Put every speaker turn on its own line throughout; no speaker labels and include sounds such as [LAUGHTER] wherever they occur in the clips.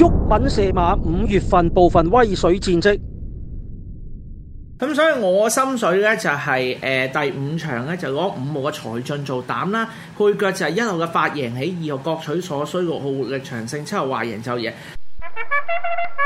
玉敏射馬五月份部分威水戰績，咁所以我心水呢，就是，就係誒第五場呢，就攞五號嘅財進做膽啦，配腳就係一號嘅髮型，起，二號各取所需，六號活力長勝，七號華贏就贏。 [LAUGHS]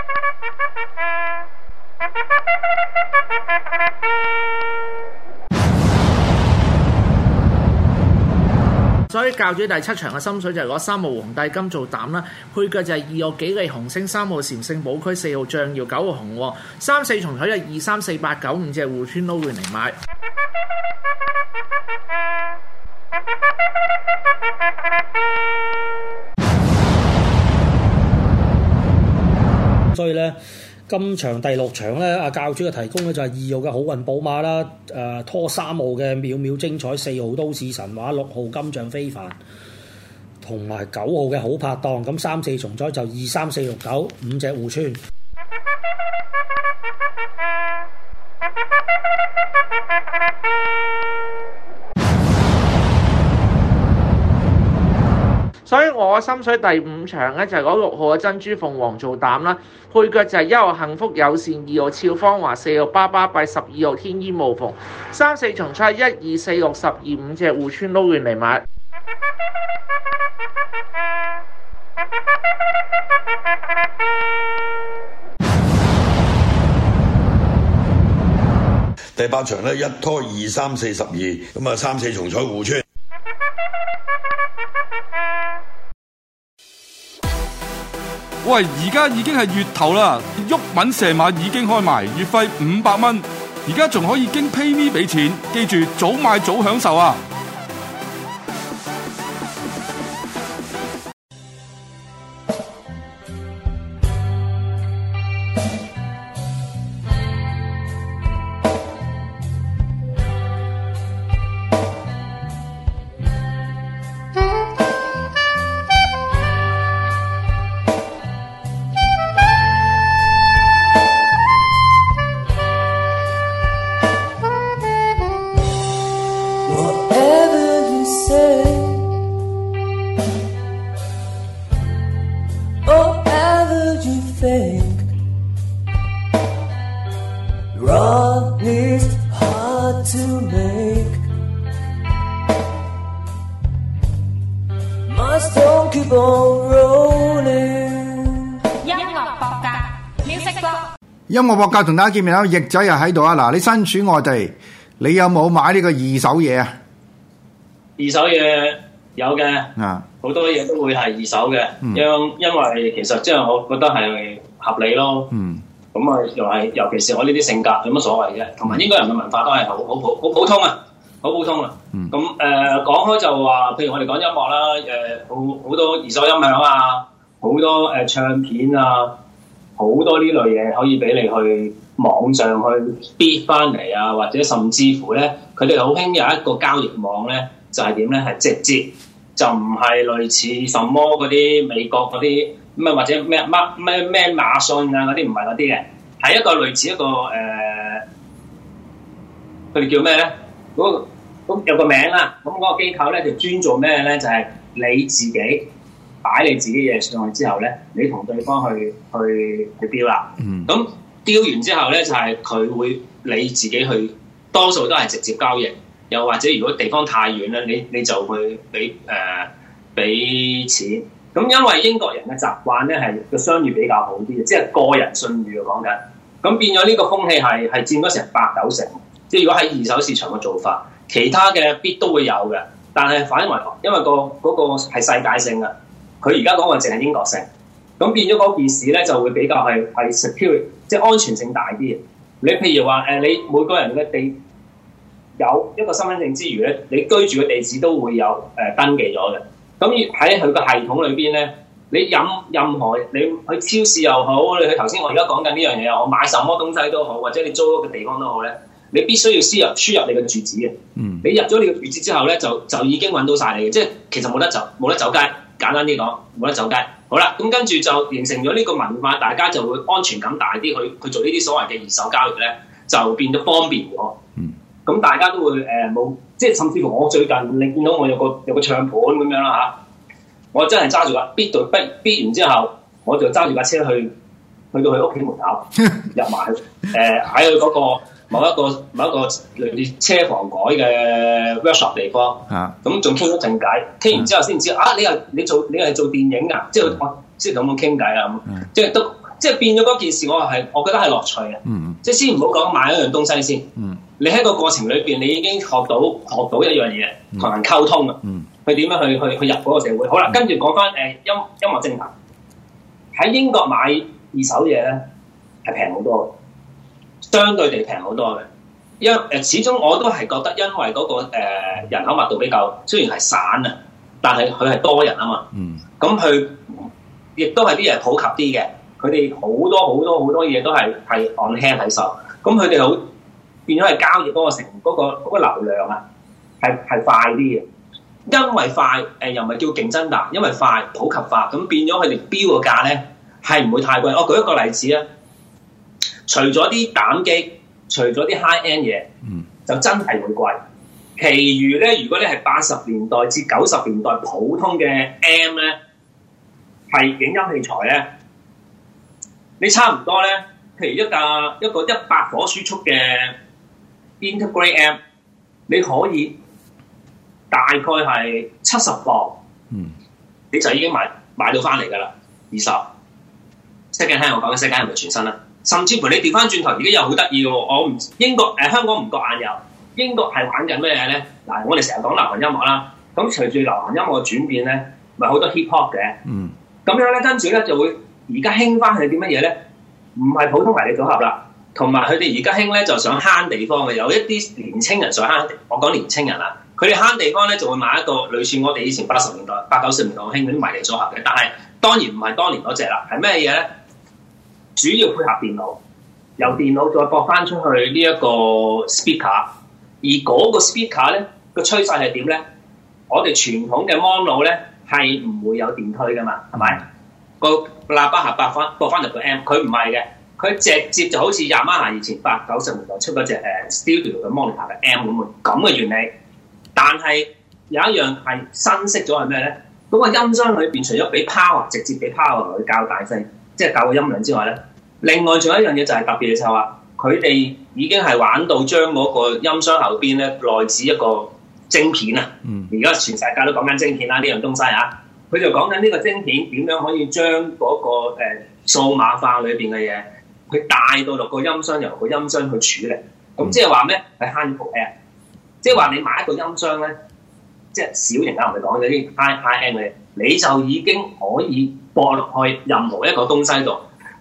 所以教主第七場嘅心水就攞三號皇帝金做膽啦，配腳就係二號幾利紅星、三號禪聖寶區、四號象耀、九號紅，三四重彩就二三四八九五隻戶村都會嚟買，所以咧。今場第六場咧，阿教主嘅提供咧就係二號嘅好運寶馬啦，誒拖三號嘅秒秒精彩，四號都市神話，六號金像非凡，同埋九號嘅好拍檔，咁三四重災就二三四六九五隻互穿。我嘅心水第五場呢，就係、是、攞六號嘅珍珠鳳凰做膽啦，配腳就係一號幸福友善，二號俏芳華，四號巴巴閉，十二號天衣無縫，三四重彩，一二四六十二五
隻互村撈完嚟買。第八場呢，一拖二三四十二咁啊，三四重彩互村。喂，而家已經係月頭啦，沃敏射馬已經開埋，月費五百蚊，而家仲可以經 PayMe 俾錢，記住早買早享受啊！音樂博格同大家見面啦，翼仔又喺度啊！嗱，你身處外地，你有冇買呢個二手嘢啊？
二手嘢有嘅，好、啊、多嘢都會係二手
嘅，
因、嗯、因為其實即係我覺得係合理咯。咁啊，又係尤其是我呢啲性格，謂有乜所謂啫？同埋英國人嘅文化都係好好好普通啊，好普通啊。咁誒、嗯嗯呃，講開就話，譬如我哋講音樂啦，誒、呃，好好多二手音響啊，好多誒、呃、唱片啊。好多呢類嘢可以俾你去網上去 bid 翻嚟啊，或者甚至乎咧，佢哋好興有一個交易網咧，就係點咧？係直接就唔係類似什麼嗰啲美國嗰啲，唔係或者咩馬咩咩馬信啊嗰啲，唔係嗰啲嘅，係一個類似一個誒，佢、呃、叫咩咧？嗰咁有個名啊。咁、那、嗰個機構咧就專做咩咧？就係、是、你自己。擺你自己嘢上去之後咧，你同對方去去去標啦。咁標、嗯、完之後咧，就係、是、佢會你自己去，多數都係直接交易。又或者如果地方太遠咧，你你就去俾誒俾錢。咁因為英國人嘅習慣咧，係個商譽比較好啲嘅，即、就、係、是、個人信譽啊講緊。咁變咗呢個風氣係係佔咗成八九成。即係如果喺二手市場嘅做法，其他嘅必都會有嘅，但係反而因為、那個嗰、那個係世界性嘅。佢而家講話淨係英國城，咁變咗嗰件事咧就會比較係係 secure，即係安全性大啲。你譬如話誒、呃，你每個人嘅地有一個身份證之餘咧，你居住嘅地址都會有誒、呃、登記咗嘅。咁喺佢個系統裏邊咧，你任任何你去超市又好，你去頭先我而家講緊呢樣嘢又好，我買什麼東西都好，或者你租咗個地方都好咧，你必須要輸入輸入你嘅住址嘅。嗯，你入咗你嘅住址之後咧，就就已經揾到晒你嘅，即係其實冇得走冇得走街。簡單啲講，冇得走街。好啦，咁跟住就形成咗呢個文化，大家就會安全感大啲，去去做呢啲所謂嘅二手交易咧，就變咗方便咗。嗯，咁大家都會誒冇，即係甚至乎我最近你見到我有個有個唱盤咁樣啦吓，我真係揸住啦，逼對逼逼完之後，我就揸住架車去去到佢屋企門口入埋去，誒喺佢嗰個，某一個某一個類似車房改嘅 workshop 地方，咁仲傾咗陣偈，傾完之後先知啊！你又你做你係做電影噶、啊嗯，即係即係咁樣傾偈啊即係都即係變咗嗰件事，我係我覺得係樂趣嘅，嗯、即係先唔好講買一樣東西先，嗯、你喺個過程裏邊，你已經學到學到一樣嘢，同人溝通啊、嗯，去點樣去去去入嗰個社會。好啦，跟住講翻誒音音，音樂正品。喺英國買二手嘢咧，係平好多。相對地平好多嘅，因為誒始終我都係覺得，因為嗰個誒人口密度比較，雖然係散啊，但係佢係多人啊嘛。嗯，咁佢亦都係啲人普及啲嘅，佢哋好多好多好多嘢都係係按輕體售。咁佢哋好變咗係交易嗰個成嗰個嗰個流量啊，係係快啲嘅。因為快誒又唔係叫競爭大，因為快普及化，咁變咗佢哋標個價咧係唔會太貴。我舉一個例子啊。除咗啲膽機，除咗啲 high end 嘢，mm. 就真係會貴。其餘咧，如果你係八十年代至九十年代普通嘅 M 咧，係影音器材咧，你差唔多咧，譬如一架一個一百瓦輸出嘅 integrated amp，你可以大概係七十磅，mm. 你就已經買買到翻嚟噶啦，二十。即唔識聽我講緊？世界係咪全新啊？甚至乎你調翻轉頭，而家又好得意嘅喎！我唔英國誒香港唔覺眼油，英國係、呃、玩緊咩嘢咧？嗱、呃，我哋成日講流行音樂啦，咁隨住流行音樂嘅轉變咧，咪好多 hip hop 嘅。嗯，咁樣咧，跟住咧就會而家興翻係啲乜嘢咧？唔係普通迷你組合啦，同埋佢哋而家興咧就想慳地方嘅，有一啲年青人想慳。我講年青人啦，佢哋慳地方咧就會買一個類似我哋以前八十年代、八九十年代我興嗰啲迷你組合嘅，但係當然唔係當年嗰隻啦，係咩嘢咧？主要配合電腦，由電腦再駁翻出去呢一個 speaker，而嗰個 speaker 咧個趨勢係點咧？我哋傳統嘅 monitor 咧係唔會有電推噶嘛，係咪個喇叭盒八分播翻嚟個 M，佢唔係嘅，佢直接就好似 Yamaha 以前八九十年代出嗰隻誒 studio 嘅 monitor 嘅 M 咁咁嘅原理。但係有一樣係新式咗係咩咧？嗰個音箱裏邊除咗俾 power 直接俾 power 去加大聲。即係搞個音量之外咧，另外仲有一樣嘢就係特別嘅，就係話佢哋已經係玩到將嗰個音箱後邊咧，內置一個晶片啊！而家、嗯、全世界都講緊晶片啦，呢樣東西啊，佢就講緊呢個晶片點樣可以將嗰、嗰個誒、呃、數碼化裏邊嘅嘢，佢帶到落個音箱，由個音箱去處理。咁、嗯、即係話咩？係慳咗個 amp，即係話你買一個音箱咧，即係小型啊，我哋講嘅啲 i p a 嘅你就已經可以。播落去任何一個東西度，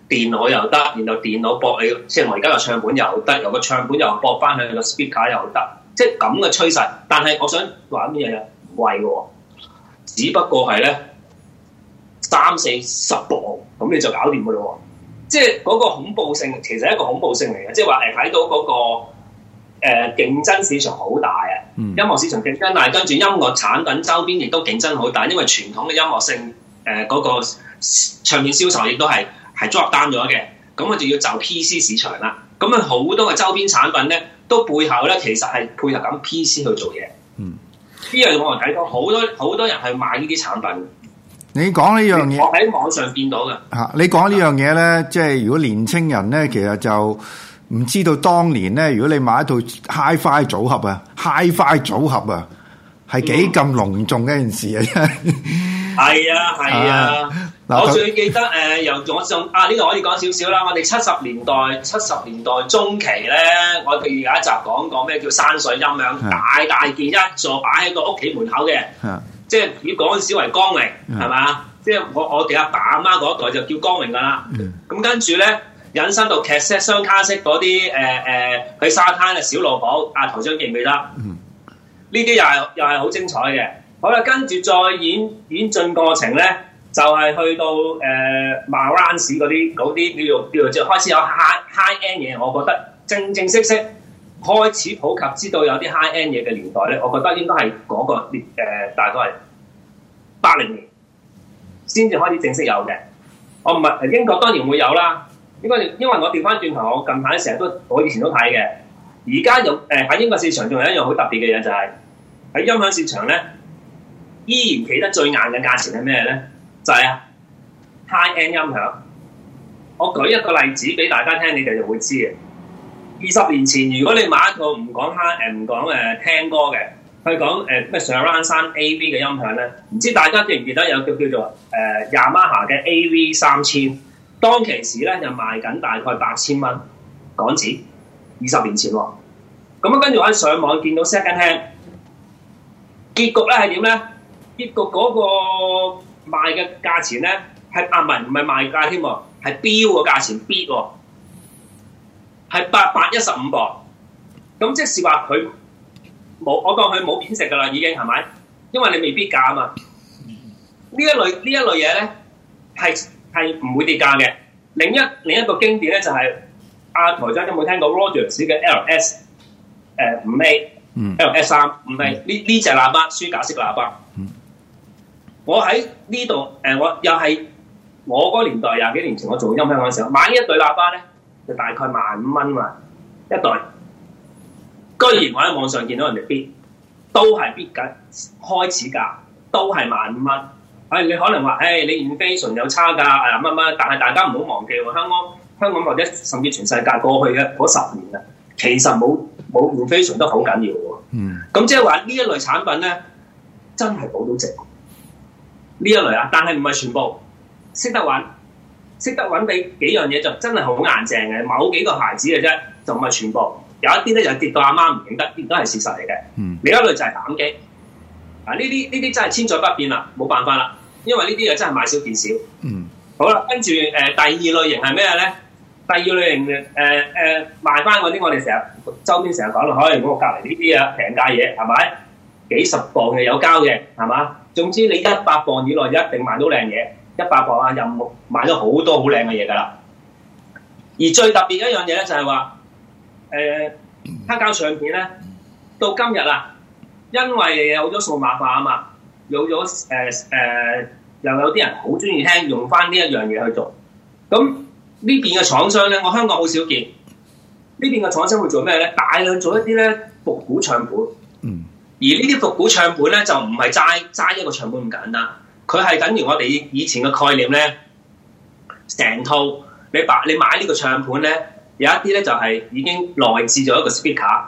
電腦又得，然後電腦播你，即係我而家個唱盤又得，由個唱盤又播翻去個 speaker 又得，即係咁嘅趨勢。但係我想話啲嘢唔貴喎，只不過係咧三四十部咁你就搞掂嘅咯喎，即係嗰個恐怖性其實係一個恐怖性嚟嘅，即係話誒睇到嗰個誒呃、競爭市場好大啊，嗯、音樂市場競爭大，跟住音樂產品周邊亦都競爭好大，因為傳統嘅音樂性。誒嗰、呃那個唱片銷售亦都係係 drop 單咗嘅，咁我就要就 PC 市場啦。咁啊好多嘅周邊產品咧，都背後咧其實係配合緊 PC 去做嘢。
嗯，
呢樣我係睇到好多好多人去買呢啲產品。
你講呢樣嘢，我喺
網上見到嘅。
嚇、啊！你講呢樣嘢咧，即係如果年青人咧，其實就唔知道當年咧，如果你買一套 Hi-Fi 組合啊，Hi-Fi 組合啊，係幾咁隆重嘅一件事啊！嗯 [LAUGHS]
係啊，係啊，啊啊我最記得誒、呃，由我上，啊呢度可以講少少啦。我哋七十年代七十年代中期咧，我哋有一集講講過咩叫山水音響，是大大件一座擺喺個屋企門口嘅，即係要嗰陣時為光榮係嘛。即係我我哋阿爸阿媽嗰一代就叫光榮噶啦。咁、嗯、跟住咧，引申到卡式雙卡式嗰啲誒誒，去沙灘嘅小露寶啊，頭先記唔記得，呢啲又係又係好精彩嘅。好啦，跟住再演演進過程咧，就係、是、去到誒 Marantz 嗰啲嗰啲叫做叫做開始有 high, high end 嘢。我覺得正正式式開始普及，知道有啲 high end 嘢嘅年代咧，我覺得應該係嗰、那個誒、呃、大概係八零年先至開始正式有嘅。我唔係英國當然會有啦，因為因為我調翻轉頭，我近排成日都我以前都睇嘅，而家有誒喺、呃、英國市場仲有一樣好特別嘅嘢，就係、是、喺音響市場咧。依然企得最硬嘅價錢係咩咧？就係、是、啊，high end 音響。我舉一個例子俾大家聽，你就會知嘅。二十年前，如果你買一套唔講 high 誒唔講誒聽歌嘅，去講誒咩 surround 山 AV 嘅音響咧，唔知大家記唔記得有叫叫做誒亞馬哈嘅 AV 三千，呃、3000，當其時咧就賣緊大概八千蚊港紙。二十年前喎、哦，咁跟住我喺上網見到 second hand，結局咧係點咧？結局嗰個賣嘅價錢咧，係阿文唔係賣價添喎，係標個價錢 b i 喎，係八百一十五噃。咁即是話佢冇，我當佢冇變值噶啦，已經係咪？因為你未必價啊嘛。呢一類呢一類嘢咧，係係唔會跌價嘅。另一另一個經典咧就係、是、阿、啊、台仔都冇聽過 Rogers、呃、s 嘅、嗯、LS 誒五 A LS 三五 A 呢呢隻喇叭，書架式喇叭、嗯我喺呢度，誒、呃、我又係我個年代廿幾年前，我做音響嘅時候買呢一對喇叭咧，就大概萬五蚊嘛，一對。居然我喺網上見到人哋 bid，都係 bid 緊開始價，都係萬五蚊。誒、哎，你可能話誒、哎、你唔 inflation 有差價啊乜乜，但係大家唔好忘記喎，香港香港或者甚至全世界過去嘅嗰十年啊，其實冇冇唔 inflation 都好緊要喎。嗯。咁即係話呢一類產品咧，真係保到值。呢一類啊，但係唔係全部識得揾，識得揾俾幾樣嘢就真係好硬淨嘅，某幾個牌子嘅啫，就唔係全部。有一啲咧就跌到阿媽唔認得，亦都係事實嚟嘅。嗯，另一類就係膽機。啊，呢啲呢啲真係千載不變啦，冇辦法啦，因為呢啲嘢真係買少見少。嗯，好啦，跟住誒第二類型係咩咧？第二類型誒誒、呃呃、賣翻嗰啲，我哋成日周邊成日講咯，可能我隔離呢啲啊，平價嘢係咪？幾十磅嘅有交嘅係嘛？總之，你一百磅以內一定買到靚嘢，一百磅啊，又買咗好多好靚嘅嘢噶啦。而最特別一樣嘢咧，就係話，誒黑膠唱片咧，到今日啦，因為有咗數碼化啊嘛，有咗誒誒，又有啲人好中意聽，用翻呢一樣嘢去做。咁呢邊嘅廠商咧，我香港好少見。呢邊嘅廠商會做咩咧？大量做一啲咧復古唱盤。而呢啲復古唱盤咧，就唔係齋齋一個唱盤咁簡單，佢係等於我哋以前嘅概念咧，成套你白你買呢個唱盤咧，有一啲咧就係、是、已經內置咗一個 speaker，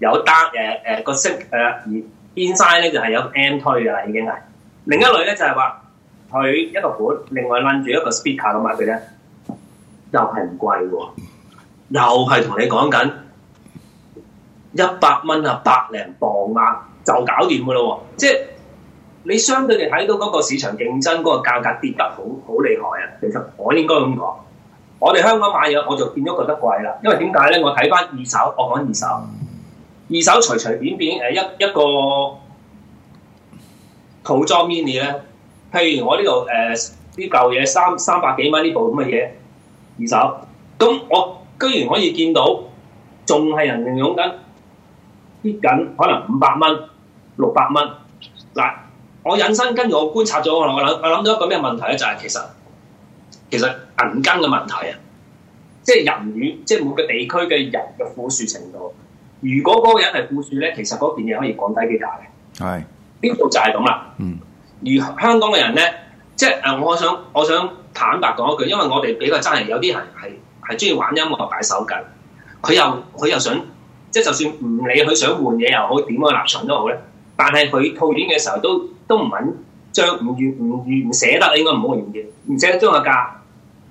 有單誒誒、呃呃、個色誒、呃，而 inside 咧就係、是、有 M 推噶啦，已經係另一類咧就係話佢一個盤另外攬住一個 speaker 咁買佢咧，又係唔貴喎，又係同你講緊一百蚊啊百零磅啦～就搞掂噶咯喎！即係你相對地睇到嗰個市場競爭，嗰、嗰個價格跌得好好厲害啊！其實我應該咁講，我哋香港買嘢我就變咗覺得貴啦。因為點解咧？我睇翻二手，我講二手，二手隨隨便便誒一一個，一個套裝 mini 咧，譬如我呢度誒啲舊嘢三三百幾蚊呢部咁嘅嘢二手，咁我居然可以見到仲係人仲用緊。啲緊可能五百蚊、六百蚊。嗱，我引申跟住我觀察咗，我諗我諗到一個咩問題咧？就係、是、其實其實銀根嘅問題啊，即係人與即係每個地區嘅人嘅富庶程度。如果嗰個人係富庶咧，其實嗰邊嘢可以降低幾大嘅。係是，邊度就係咁啦。嗯。而香港嘅人咧，即係誒，我想我想坦白講一句，因為我哋比較真係有啲人係係中意玩音樂擺手嘅，佢又佢又想。即係就算唔理佢想換嘢又好，點樣立場都好咧，但係佢套現嘅時候都都唔肯將唔願唔願唔捨得，應該唔好願意，唔捨得將個價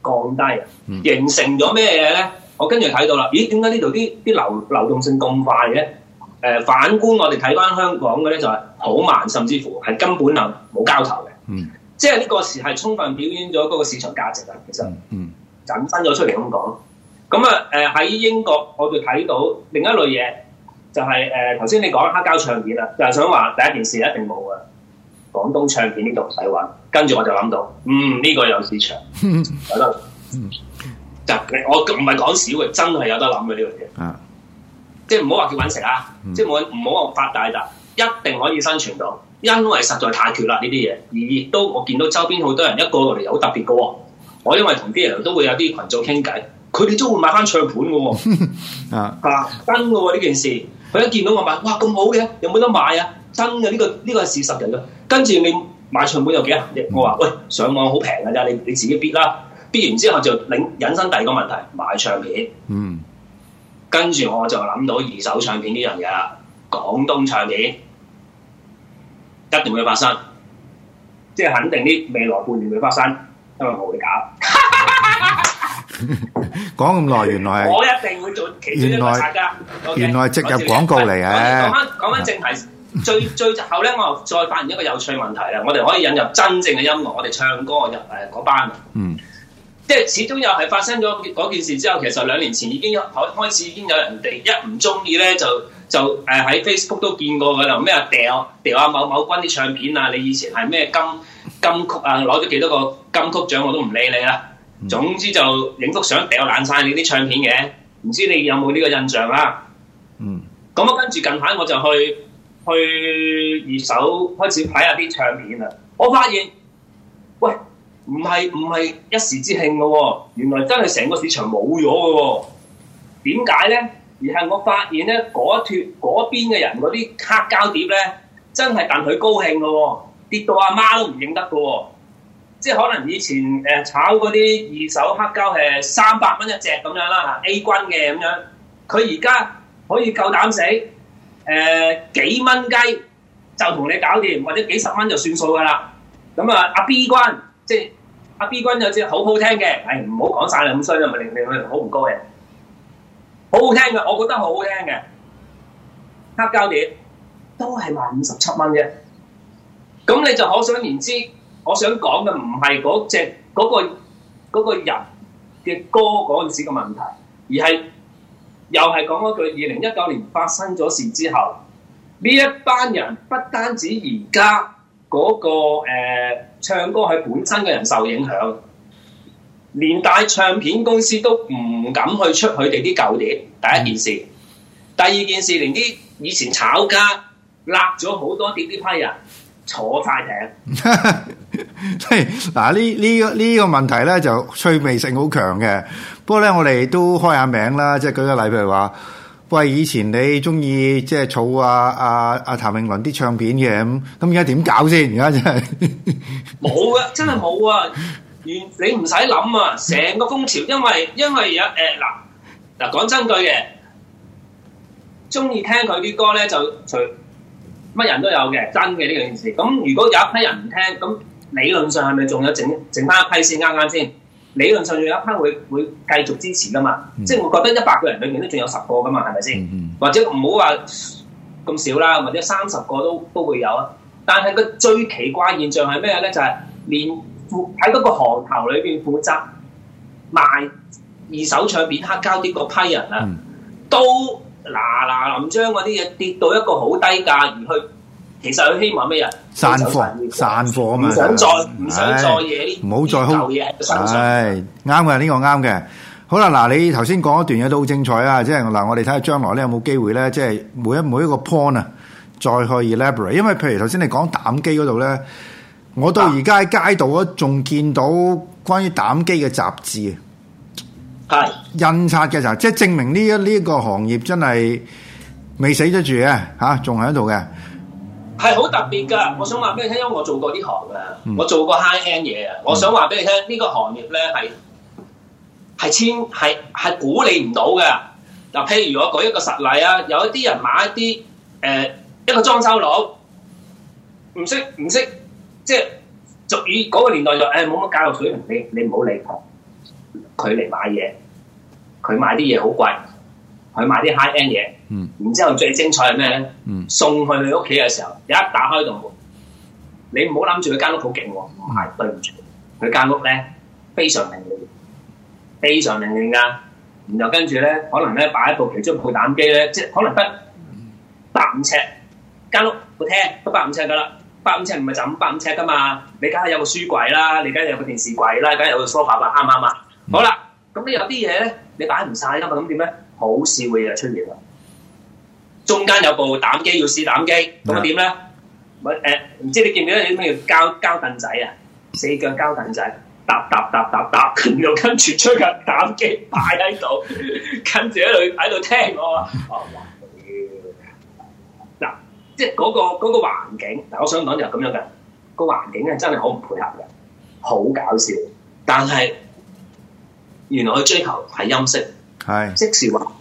降低，嗯、形成咗咩嘢咧？我跟住睇到啦，咦？點解呢度啲啲流流動性咁快嘅？誒、呃，反觀我哋睇翻香港嘅咧，就係好慢，甚至乎係根本就冇交投嘅。嗯，即係呢個時係充分表現咗嗰個市場價值啊！其實，嗯，引申咗出嚟咁講。咁啊，誒喺、嗯、英國我哋睇到另一類嘢，就係誒頭先你講黑膠唱片啊，就係、係、想話第一件事一定冇嘅，廣東唱片呢度唔使揾。跟住我就諗到，嗯，呢、呢個有市場， [LAUGHS] 有，我有得，就我唔係講少嘅，真係有得諗嘅呢樣嘢。即係唔好話叫揾食啊，嗯、即係冇唔好話發大達，一定可以生存到，因為實在太缺啦呢啲嘢。而亦都我見到周邊好多人一個個嚟又好特別嘅，我因為同啲人都會有啲群組傾偈。佢哋都會買翻唱片嘅
喎，
啊，真嘅喎呢件事，佢一見到我買，哇咁好嘅，有冇得買啊？真嘅呢、呢個呢、呢個係事實嚟嘅。跟住你買唱片有幾難？嗯、我話喂，上網好平嘅啫，你你自己編啦，編完之後就引引申第二個問題，買唱片。嗯，跟住我就諗到二手唱片呢樣嘢啦，廣東唱片一定會發生，即係肯定啲未來半年會發生，因為我會搞。
[LAUGHS] 講咁耐，原來我一定
會做其中一 p a r 原來即係廣告嚟嘅。講翻講翻正題， [LAUGHS] 最最後咧，我再問一個有趣問題啦。我哋可以引入真正嘅音樂，我哋唱歌入誒嗰、啊、班。嗯，即係始終又係發生咗嗰件事之後，其實兩年前已經開開始已經有人哋一唔中意咧，就就誒喺 Facebook 都見過佢啦。咩掉掉啊某某軍啲唱片啊？你以前係咩金金曲啊？攞咗幾多個金曲獎我都唔理你啦。總之就影幅相掟爛晒你啲唱片嘅，唔知你有冇呢個印象啊？嗯，咁啊跟住近排我就去去二手開始睇下啲唱片啦。我發現，喂，唔係唔係一時之興㗎喎，原來真係成個市場冇咗㗎喎。點解咧？而係我發現咧，嗰脱邊嘅人嗰啲黑膠碟咧，真係戥佢高興㗎喎，跌到阿媽都唔認得㗎喎。即係可能以前誒炒嗰啲二手黑膠係三百蚊一隻咁樣啦，A 君嘅咁樣，佢而家可以夠膽死誒、呃、幾蚊雞就同你搞掂，或者幾十蚊就算數噶啦。咁啊，阿 B 君即係阿 B 君有隻好好聽嘅，係唔好講晒你咁衰咪令令我好唔高興，好好聽嘅，我覺得好好聽嘅黑膠碟都係賣五十七蚊啫。咁你就可想而知。我想講嘅唔係嗰隻嗰個嗰個人嘅歌嗰陣時嘅問題，而係又係講一句，二零一九年發生咗事之後，呢一班人不單止而家嗰個誒唱歌係本身嘅人受影響，連大唱片公司都唔敢去出佢哋啲舊碟。第一件事，第二件事，連啲以前炒家甩咗好多碟呢批人。
坐快艇，即係嗱呢呢個呢個問題咧就趣味性好強嘅。不過咧，我哋都開下名啦，即係舉個例譬如話，喂，以前你中意即係儲啊啊啊譚詠麟啲唱片嘅咁，咁而家點搞先？而家真係冇啊，真係
冇啊！你唔使諗啊，成個風潮，因為因為而家誒嗱嗱講真句嘅，中意聽佢啲歌咧就就。就乜人都有嘅，真嘅呢樣嘢事。咁如果有一批人唔聽，咁理論上係咪仲有剩剩返一批先啱啱先？理論上仲有一批會會繼續支持㗎嘛？嗯、即係我覺得一百個人裡面都仲有十個㗎嘛，係咪先？嗯嗯、或者唔好話咁少啦，或者三十個都都會有啊。但係個最奇怪現象係咩咧？就係、係、連喺嗰個行頭裏邊負責賣二手唱片黑膠碟嗰批人啊，嗯、都。嗱嗱臨
將嗰啲嘢跌到一個好低價，而去其實佢希望咩啊？散貨佛，散貨咩？唔想再唔想、哎、了再嘢，唔好再 hold 嘢。係啱嘅，呢個啱嘅。好啦，嗱，你頭先講一段嘢都好精彩啊！即係嗱，我哋睇下將來咧有冇機會咧，即係每一每一個 point 啊，再去 elaborate。因為譬如頭先你講膽機嗰度咧，我到而家喺街道啊，仲見到關於膽機嘅雜誌。啊係印刷嘅時候，即係證明呢一呢個行業真係未死得住啊，吓，仲喺度嘅。
係好特別噶，我想話俾你聽，因為我做過啲行啊，嗯、我做過 high end 嘢啊，嗯、我想話俾你聽，呢、這個行業咧係係千係係估你唔到嘅。嗱，譬如我舉一個實例啊，有一啲人買一啲誒、呃、一個裝修佬，唔識唔識，即係俗語嗰個年代就誒冇乜教育水平，你你唔好理佢嚟買嘢，佢買啲嘢好貴，佢買啲 high end 嘢，嗯、然之後最精彩係咩咧？嗯、送去佢屋企嘅時候，一打開道門，你唔好諗住佢間屋好勁喎，唔係、嗯、對唔住，佢間屋咧非常明亮，非常明亮噶。然後跟住咧，可能咧擺一部其中部膽機咧，即係可能得百五尺間屋個廳都百五尺噶啦，百五尺唔係就五百五尺噶嘛，你梗係有個書櫃啦，你梗係有個電視櫃啦，梗係有個梳化 f 吧，啱唔啱啊？好啦，咁你有啲嘢咧，你擺唔晒噶嘛？咁點咧？好笑嘅嘢出現啦！中間有部打機要試膽機，咁點咧？唔、呃、誒，唔知你見唔見到有咩叫膠膠凳仔啊？四腳膠凳仔，搭搭搭搭搭，又跟住出嚟膽機擺喺度，跟住喺度喺度聽我。 [LAUGHS] 哦，嗱，即係、那、嗰個嗰、嗰個環境，嗱，我想講就係咁樣嘅，嗰個環境係真係好唔配合嘅，好搞笑，但係。原來佢追求係音色，是的 即係話，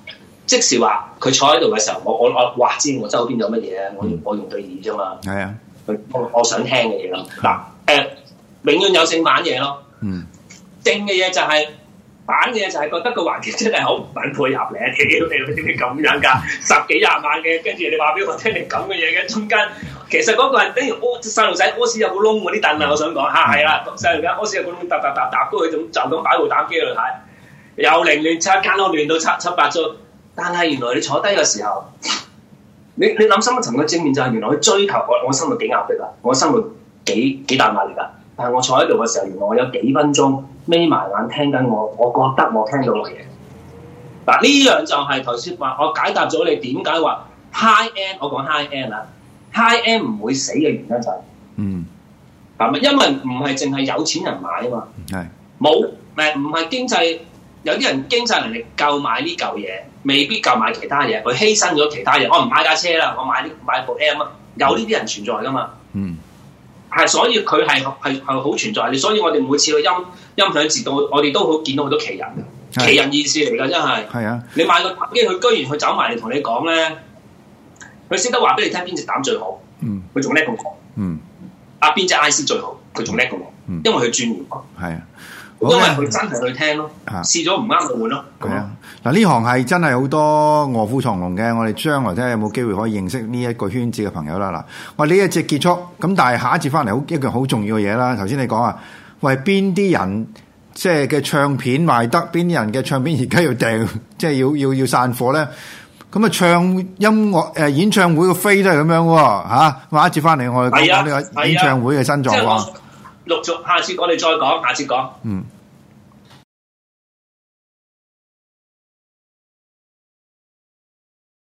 即係話佢坐喺度嘅時候，我我我話知我周邊有乜嘢啊？我用我用對耳啫嘛。係啊是的，我我想聽嘅嘢咯。嗱，誒，永遠有正反嘢咯。嗯正、
就
是，正嘅嘢就係反嘅嘢就係覺得個環境真係好唔反配合你。你你點解咁樣㗎？ [LAUGHS] 十幾廿萬嘅，跟住你話俾我聽你咁嘅嘢嘅中間。其實嗰個係等於屙細路仔屙屎有個窿嗰啲凳啊，我想講吓係啦，細路仔屙屎有個窿，嗒嗒嗒嗒，都佢仲就咁擺部打機去睇，又亂亂拆，間屋亂到七七八糟。但係原來你坐低嘅時候，你你諗深一層嘅正面就係原來我追求我我心度幾壓迫啊，我心度幾幾大壓力㗎。但係我坐喺度嘅時候，原來我有幾分鐘眯埋眼聽緊我，我覺得我聽到落嘢。嗱，呢樣就係頭先話我解答咗你點解話 high end，我講 high end 啊。High M 唔會死嘅原因就係、是，嗯，係咪？因為唔係淨係有錢人買啊嘛，係是，冇，誒，唔係經濟有啲人經濟能力夠買呢嚿嘢，未必夠買其他嘢，佢犧牲咗其他嘢。我、哦、唔買架車啦，我買啲買部 M 啊，有呢啲人存在噶嘛，嗯，係，所以佢係係係好存在嘅。所以我哋每次去音音響節度，我哋都好見到好多奇人，是奇人意思嚟噶，真係。係啊，你買個機，佢居然去走埋嚟同你講咧。佢識得話俾你聽邊隻膽最好，佢仲叻過。嗯，啊邊隻
I C 最好，佢仲叻過。嗯，因
為佢專業。係啊，okay, 因為佢真係去
聽咯，試咗唔啱就換咯。係啊，嗱呢行係真係好多卧虎藏龍嘅，我哋將來睇下有冇機會可以認識呢一個圈子嘅朋友啦。嗱，我呢一節結束，咁但係下一節翻嚟好一樣好重要嘅嘢啦。頭先你講啊，喂邊啲人即係嘅唱片賣得，邊啲人嘅唱片而家要掉，即係要要要,要,要散貨咧。咁啊，唱音樂誒、呃、演唱會個飛都係咁樣喎，啊、嚇，下、啊、一次翻嚟我哋講講呢、啊、個演唱會嘅新狀況，啊。
陸續、啊啊就是，下次我哋再講，下次講。
嗯。